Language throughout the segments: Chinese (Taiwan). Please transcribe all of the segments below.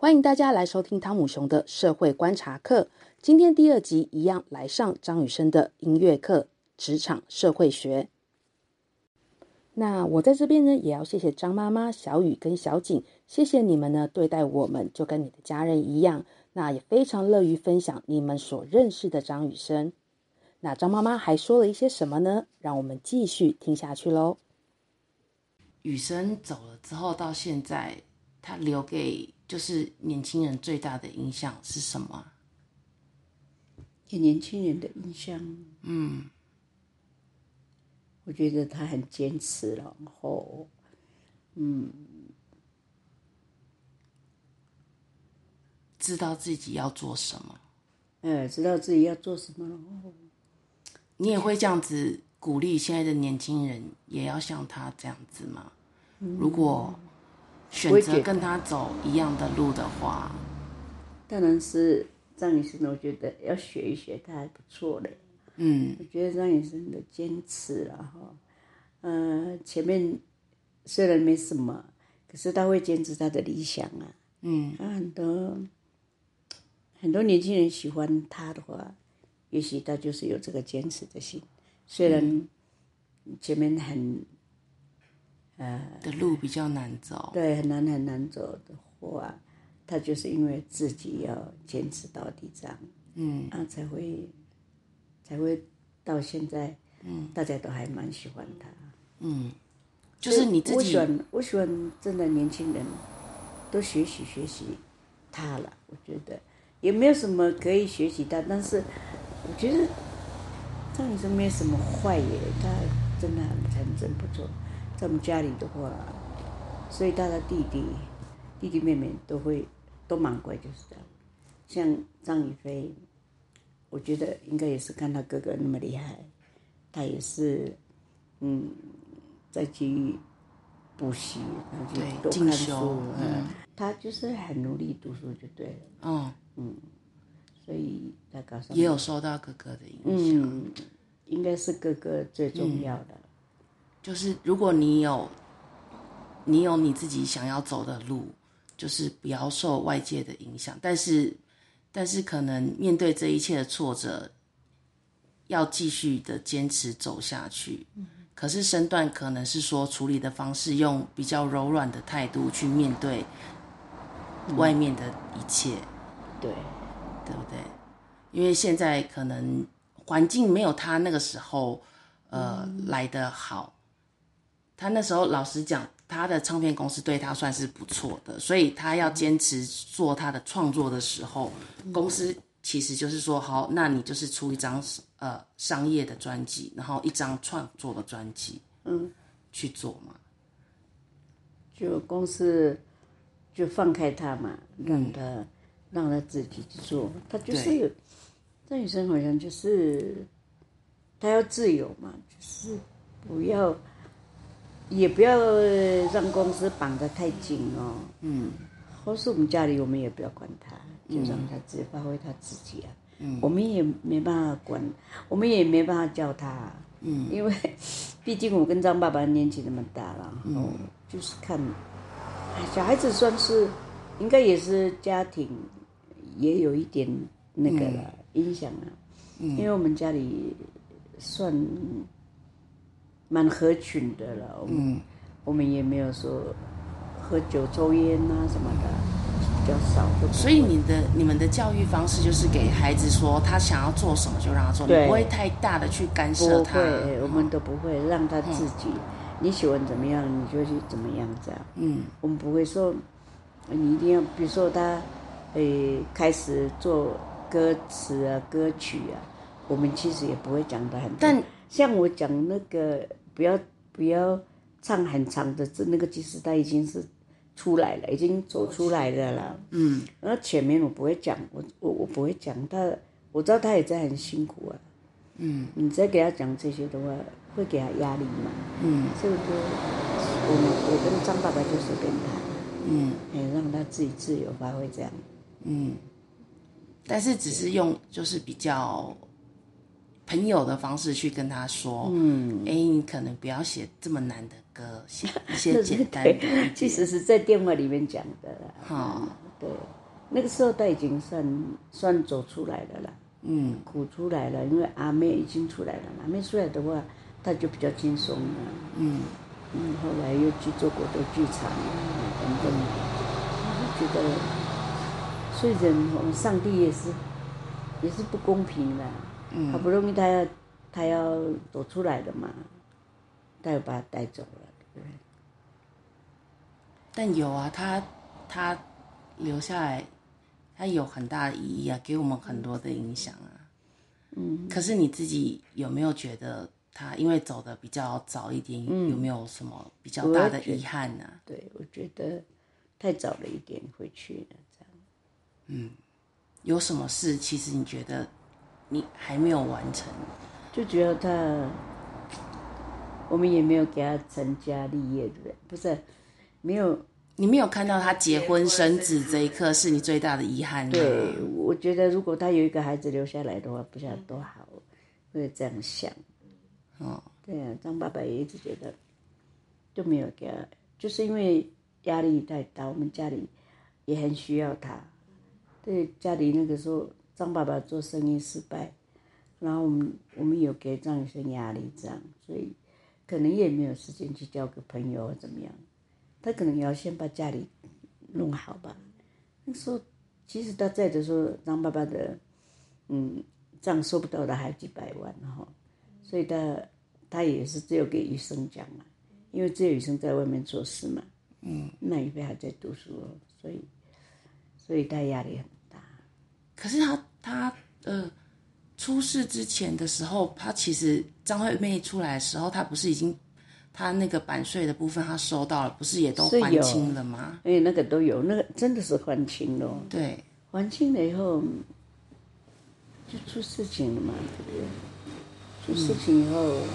歡迎大家來收聽湯姆熊的社會觀察課。今天第二集一樣來上張雨生的音樂課，職場社會學。那我在這邊呢，也要謝謝張媽媽、小雨跟小景，謝謝你們呢，對待我們就跟你的家人一樣，那也非常樂於分享你們所認識的張雨生。那張媽媽還說了一些什麼呢？讓我們繼續聽下去嘍。雨生走了之後，到現在。他留給就是年輕人最大的印象是什麼？對年輕人的印象。嗯，我覺得他很堅持，然後，嗯，嗯，知道自己要做什麼，嗯，知道自己要做什麼。你也會這樣子鼓勵現在的年輕人，也要像他這樣子嗎？嗯。如果。選擇跟他走一樣的路的話，當然是張雨生。我覺得要學一學他，還不錯的。嗯，我覺得張雨生的堅持啊，哈，呃，前面雖然沒什麼，可是他會堅持他的理想啊。嗯，他很多很多年輕人喜歡他的話，也許他就是有這個堅持的心。雖然前面很。呃，的路比較難走，對，很難很難走的話，他就是因為自己要堅持到底，這樣，嗯，啊，才會，才會到現在，嗯，大家都還蠻喜歡他，嗯，就是你自己，我喜歡，我喜歡，真的年輕人，多學習學習他了，我覺得也沒有什麼可以學習他，但是，我覺得張雨生沒有什麼壞耶，他真的，真真不錯。在我們家裡的話，所以他的弟弟、弟弟妹妹都會都蠻乖，就是這樣。像張雨霏，我覺得應該也是看他哥哥那麼厲害，他也是嗯在去補習，然後就讀他的書，嗯，嗯他就是很努力讀書就對了。哦、嗯，嗯，所以他高也有受到哥哥的影響、嗯，應該是哥哥最重要的。嗯就是如果你有，你有你自己想要走的路，就是不要受外界的影響。但是，但是可能面對這一切的挫折，要繼續的堅持走下去。嗯。可是身段可能是說處理的方式，用比較柔軟的態度去面對外面的一切。對，對不對？因為現在可能環境沒有他那個時候，呃，嗯。來得好。他那時候，老實講，他的唱片公司對他算是不錯的，所以他要堅持做他的創作的時候，嗯、公司其實就是說，好，那你就是出一張呃商業的專輯，然後一張創作的專輯，嗯，去做嘛。就公司就放開他嘛，讓他讓他自己去做。他就是有，這對女生好像就是，她要自由嘛，就是不要。嗯也不要讓公司綁得太緊哦。嗯。或是我們家裡，我們也不要管他，嗯、就讓他自己發揮他自己啊。嗯。我們也沒辦法管，我們也沒辦法教他、啊。嗯。因為，畢竟我跟張爸爸年紀那麼大了，嗯、然後就是看，小孩子算是，應該也是家庭，也有一點那個了、嗯、影響了、啊。嗯。因為我們家裡，算。蠻合群的了，我們、嗯、我們也沒有說喝酒抽煙吶、啊、什麼的，比較少。所以你的你們的教育方式就是給孩子說他想要做什麼就讓他做，對你不會太大的去干涉他。對會、嗯、我們都不會讓他自己。嗯、你喜歡怎麼樣，你就去怎麼樣，這樣。嗯。我們不會說你一定要，比如說他，誒、欸，開始做歌詞啊，歌曲啊，我們其實也不會講的很。但像我講那個。不要不要唱很長的字，那個新時代已經是出來了，已經走出來的了啦。嗯，那前面我不會講，我我我不會講他，我知道他也在很辛苦啊。嗯，你再給他講這些的話，會給他壓力嘛。嗯，這個都我就我，我跟張爸爸就是跟他，嗯，也讓他自己自由發揮這樣。嗯，但是只是用就是比較。朋友的方式去跟他說：“嗯，哎、欸，你可能不要寫這麼難的歌，寫一些簡單。其實是在電話裡面講的啦。好、嗯。對，那個時候他已經算算走出來了啦。嗯。苦出來了，因為阿妹已經出來了。阿妹出來的話，他就比較輕鬆了。嗯。嗯，後來又去做果陀劇場啊等等啦，就覺得，所以人上帝也是，也是不公平的。嗯、好不容易他要他要走出來的嘛，他又把他帶走了。對、嗯。但有啊，他他留下來，他有很大的意義啊，給我們很多的影響啊。嗯、可是你自己有沒有覺得他因為走得比較早一點，嗯、有沒有什麼比較大的遺憾呢？啊？對，我覺得太早了一點，回去了這樣。嗯。有什麼事？其實你覺得？你還沒有完成，就主要他，我們也沒有給他成家立業，對不對？不是，沒有，你沒有看到他結婚生子這一刻，是你最大的遺憾。對，我覺得如果他有一個孩子留下來的話，不知道多好。嗯、會這樣想。哦，對啊，張爸爸也一直覺得就沒有給他，就是因為壓力太大，我們家裡也很需要他，對家裡那個時候。張爸爸做生意失敗，然後我們我們有給張雨生壓力，這樣，所以可能也沒有時間去交個朋友怎麼樣？他可能也要先把家裡弄好吧。他說，其實他在的時候，張爸爸的嗯賬收不到的還有幾百萬哈，所以他他也是只有給雨生講啊，因為只有雨生在外面做事嘛，嗯，那一邊還在讀書，所以所以他壓力很大。可是他。他呃，出事之前的時候，他其實張惠妹出來的時候，他不是已經他那個版稅的部分他收到了，不是也都還清了嗎？哎、欸，那個都有，那個真的是還清了。對，還清了以後就出事情了嘛，對不對？出事情以後，嗯、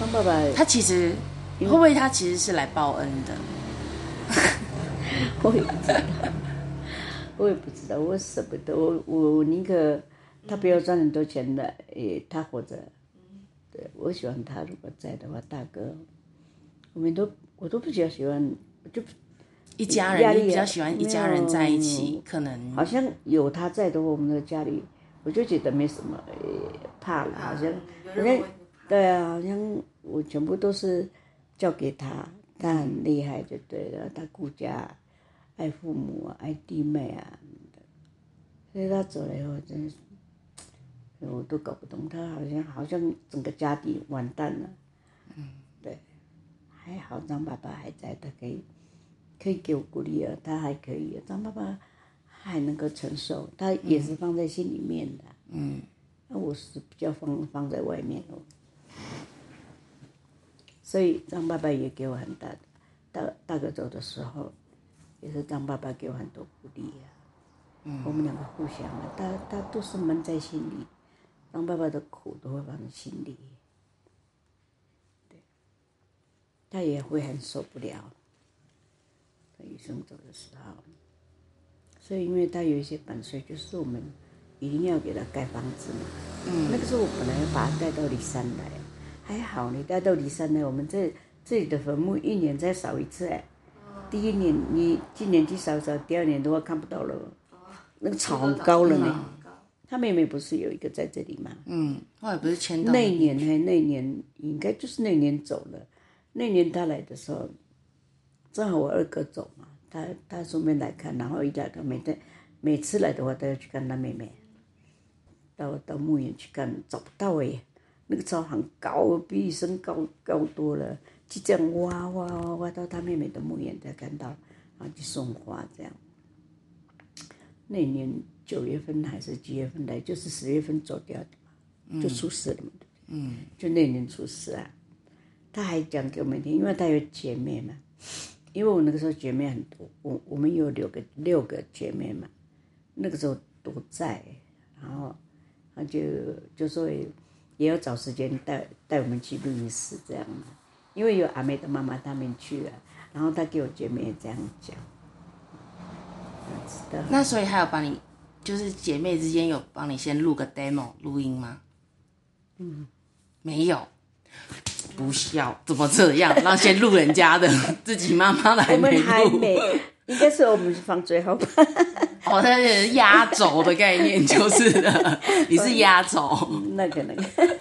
張爸爸，他其實為會不會他其實是來報恩的？會 不會？我也不知道，我捨不得，我我我寧可他不要賺很多錢的，誒，他活着，對，我喜歡他如果在的話，大哥，我們都我都不喜歡，就一家人，比較喜歡一家人在一起，有可能好像有他在的話，我們的家裡我就覺得沒什麼，怕了，好像，對啊，好像我全部都是交給他，他很厲害，就對了，他顧家。愛父母啊，愛弟妹啊，所以他走了以後，真是，我都搞不懂，他好像好像整個家庭完蛋了。嗯、對。還好張爸爸還在，他可以，可以給我鼓勵啊，他還可以、啊。張爸爸還能夠承受，他也是放在心裡面的、啊。嗯。那我是比較放放在外面哦。所以張爸爸也給我很大的，大大哥走的時候。也是張爸爸給我很多鼓勵啊，嗯、我們兩個互相啊，他他都是悶在心裡，張爸爸的苦都會放在心裡，對，他也會很受不了，他一生走的時候，所以因為他有一些本事，就是我們一定要給他蓋房子嘛。嗯、那個時候我本來要把他帶到驪山來，還好你帶到驪山來，我們這這裡的墳墓一年再掃一次欸。第一年，你今年去掃掃，第二年的話看不到了，那個草很高了呢。他、嗯、妹妹不是有一個在這裡嗎？嗯，那也不是簽到。那年還那年，應該就是那年走了。那年他來的時候，正好我二哥走嘛，他他順便來看，然後一來他每天每次來的話都要去看他妹妹，到到墓園去看，找不到哎，那個草很高，比以前高高多了。就這樣挖挖挖挖，到他妹妹的墓園才看到，然後去送花這樣。那年九月份還是幾月份來？就是十月份走掉的嘛，就出事了，嗯，對不對，就那年出事啊。嗯，他還講給我們聽，因為他有姐妹嘛，因為我那個時候姐妹很多，我我們有六個六個姐妹嘛，那個時候都在，然後他就就說也要找時間帶帶我們去錄音室這樣嘛。因為有阿妹的媽媽他們去了，然後他給我姐妹這樣講。嗯、那所以還有幫你，就是姐妹之間有幫你先錄個 demo 錄音嗎？嗯，沒有，不笑怎麼這樣？然後先錄人家的， 自己媽媽來沒錄，我們還沒，應該是我們是放最後吧。 哦，他是壓軸的概念，就是 你是壓軸、 那個，那個那個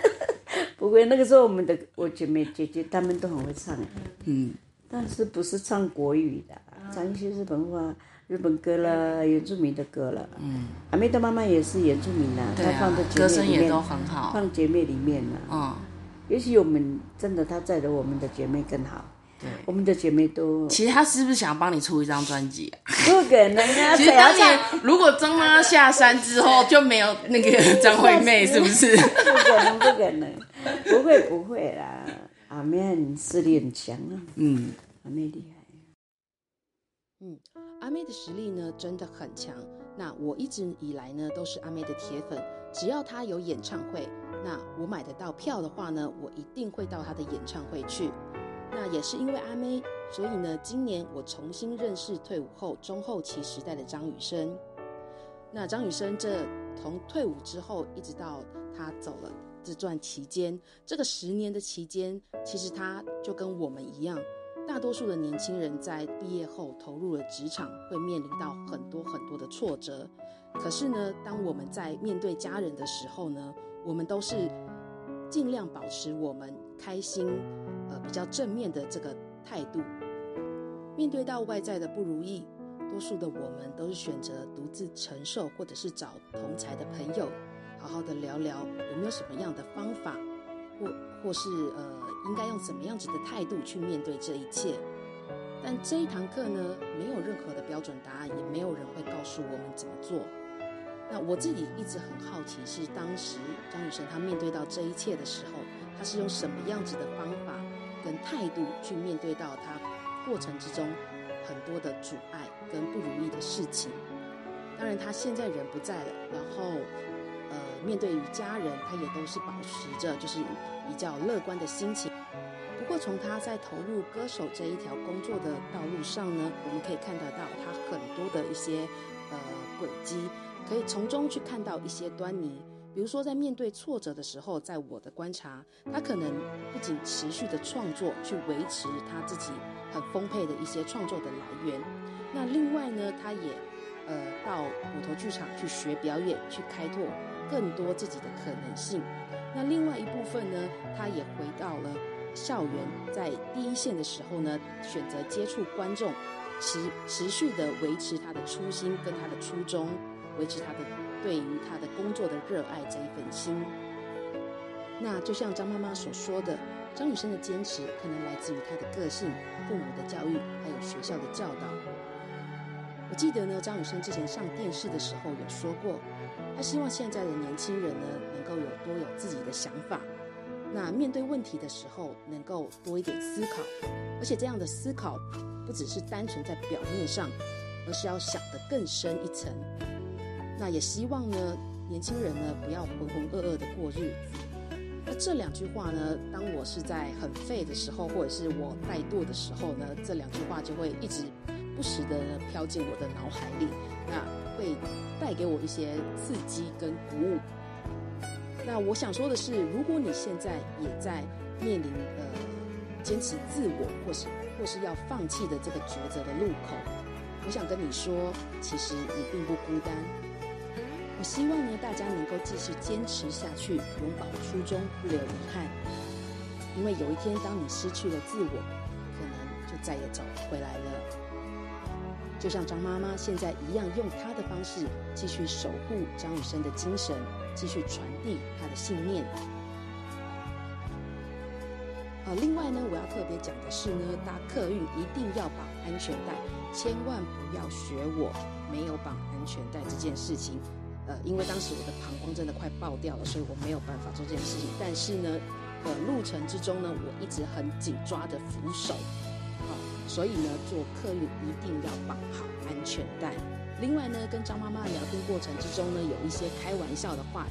不過那個時候，我們的我姐妹姐姐她們都很會唱的。嗯。但是不是唱國語的，唱一些日本話、日本歌了、原住民的歌了。嗯。阿妹的媽媽也是原住民啊。對啊。歌聲也都很好。放姐妹裡面了嗯。也許我們真的她在的，我們的姐妹更好。對。我們的姐妹都。其實她是不是想幫你出一張專輯啊？不可能啊！而且如果張媽媽下山之後就沒有那個張惠妹，是不是？不可能！不可能！ 不會不會啦，阿妹實力很強啊，嗯。嗯，阿妹厲害啊。嗯，阿妹的實力呢，真的很強。那我一直以來呢，都是阿妹的鐵粉。只要她有演唱會，那我買得到票的話呢，我一定會到她的演唱會去。那也是因為阿妹，所以呢，今年我重新認識退伍後中後期時代的張雨生。那張雨生這從退伍之後，一直到他走了，自傳期間，這個十年的期間，其實他就跟我們一樣，大多數的年輕人在畢業後投入了職場，會面臨到很多很多的挫折。可是呢，當我們在面對家人的時候呢，我們都是盡量保持我們開心，呃，比較正面的這個態度。面對到外在的不如意，多數的我們都是選擇獨自承受，或者是找同儕的朋友。好好的聊聊有沒有什麼樣的方法，或或是呃，應該用怎麼樣子的態度去面對這一切？但這一堂課呢，沒有任何的標準答案，也沒有人會告訴我們怎麼做。那我自己一直很好奇，是當時張雨生他面對到這一切的時候，他是用什麼樣子的方法跟態度去面對到他過程之中很多的阻礙跟不如意的事情？當然，他現在人不在了，然後。呃，面對於家人，他也都是保持着就是比較樂觀的心情。不過，從他在投入歌手這一條工作的道路上呢，我們可以看得到他很多的一些呃軌跡，可以從中去看到一些端倪。比如說，在面對挫折的時候，在我的觀察，他可能不僅持續的創作去維持他自己很豐沛的一些創作的來源。那另外呢，他也呃到果陀劇場去學表演，去開拓。更多自己的可能性。那另外一部分呢，他也回到了校園，在第一線的時候呢，選擇接觸觀眾，持持續地維持他的初心跟他的初衷，維持他的對於他的工作的熱愛這一份心。那就像張媽媽所說的，張雨生的堅持可能來自於他的個性、父母的教育，還有學校的教導。我記得呢，張雨生之前上電視的時候有說過，他希望現在的年輕人呢能夠有多有自己的想法，那面對問題的時候能夠多一點思考，而且這樣的思考不只是單純在表面上，而是要想得更深一層。那也希望呢年輕人呢不要渾渾噩噩的過日子。那這兩句話呢，當我是在很廢的時候，或者是我怠惰的時候呢，這兩句話就會一直。不時的飄進我的腦海裡，那會帶給我一些刺激跟鼓舞。那我想說的是，如果你現在也在面臨呃堅持自我或是或是要放棄的這個抉擇的路口，我想跟你說，其實你並不孤單。我希望呢，大家能夠繼續堅持下去，永葆初衷，不留遺憾。因為有一天，當你失去了自我，可能就再也找不回來了。就像張媽媽現在一樣，用她的方式繼續守護張雨生的精神，繼續傳遞他的信念。呃，另外呢，我要特別講的是呢，搭客運一定要綁安全帶，千萬不要學我沒有綁安全帶這件事情。呃，因為當時我的膀胱真的快爆掉了，所以我沒有辦法做這件事情。但是呢，呃，路程之中呢，我一直很緊抓着扶手。所以呢，坐客運一定要綁好安全帶。另外呢，跟張媽媽聊天過程之中呢，有一些開玩笑的話，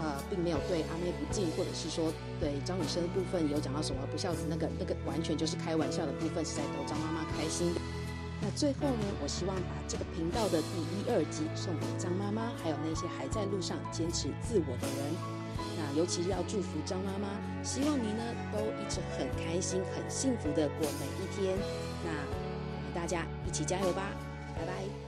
呃，並沒有對阿妹不敬，或者是說對張雨生的部分有講到什麼不孝子那個那個，完全就是開玩笑的部分，是在逗張媽媽開心。那最後呢，我希望把這個頻道的第一、二集送給張媽媽，還有那些還在路上堅持自我的人。那尤其是要祝福張媽媽，希望你呢都一直很開心、很幸福的過每一天。大家一起加油吧，拜拜。